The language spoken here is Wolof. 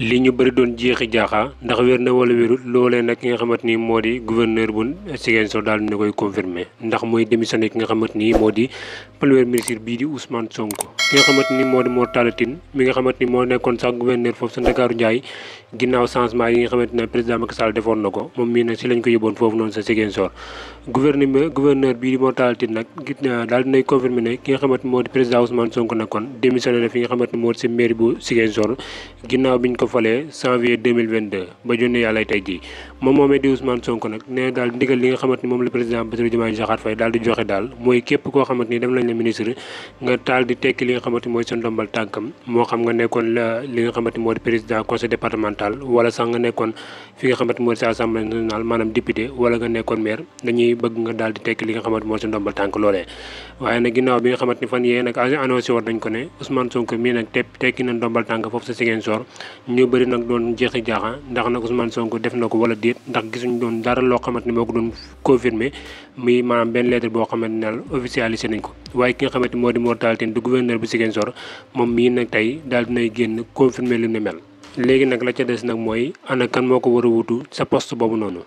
li ñu bëri doon jeexi jaaxaa ndax wér na wala wérut loolee nag ki nga xamante ni moo di gouverneur bu Ziguinchor daal dina koy confirmer ndax mooy démissionné ki nga xamante ni moo di premier ministre bii di Ousmane Sonko. ki nga xamante ni moo di Mor Talla Tine mi nga ni moo nekkoon sax gouverneur foofu sa Ndakaaru Ndiaye ginnaaw changement yi nga xamante ni moo di président Ousmane Sonko nekkoon démissionné na fi nga xamante ni moo di si mairie bu Ziguinchor ginnaaw bi ñu ko falee janvier ba jonne yàlla tey jii moom moomee di Ousmane Sonko nee daal ndigal li nga xamante ni moom la président Bassirou Diomaye Diakhar Faye daal di joxe daal mooy képp koo xamante ni dem nañ la ministre xamante mooy seen ndombal tànkam moo xam nga nekkoon li nga xamante moo di président conseil départemental wala sax nga nekkoon fi nga xamante moo di sa assemblée nationale maanaam député wala nga nekkoon maire dañuy bëgg nga daal di tekki li nga xamante moo seen ndombal tànk loolee waaye nag ginnaaw bi nga xamante ni fan yee nag annoncé woon nañ ko ne Ousmane Sonko mii nag te tekki na ndombal tànk foofu sa Ziguinchor ñu bëri nag doon jeexi jaaxa ndax nag Ousmane Sonko def na ko wala déet ndax gisuñ doon dara loo xamante ni moo ko doon confirmé muy maanaam benn lettre boo xamante ne officialisé nañ ko waaye ki nga xamante moo di Mor Talla Tine du gouverneur bi Ziguinchor moom mii nag tey daal dinay génn confirmer li ni mel léegi nag la ca des nag mooy ana kan moo ko war a wutu sa post boobu noonu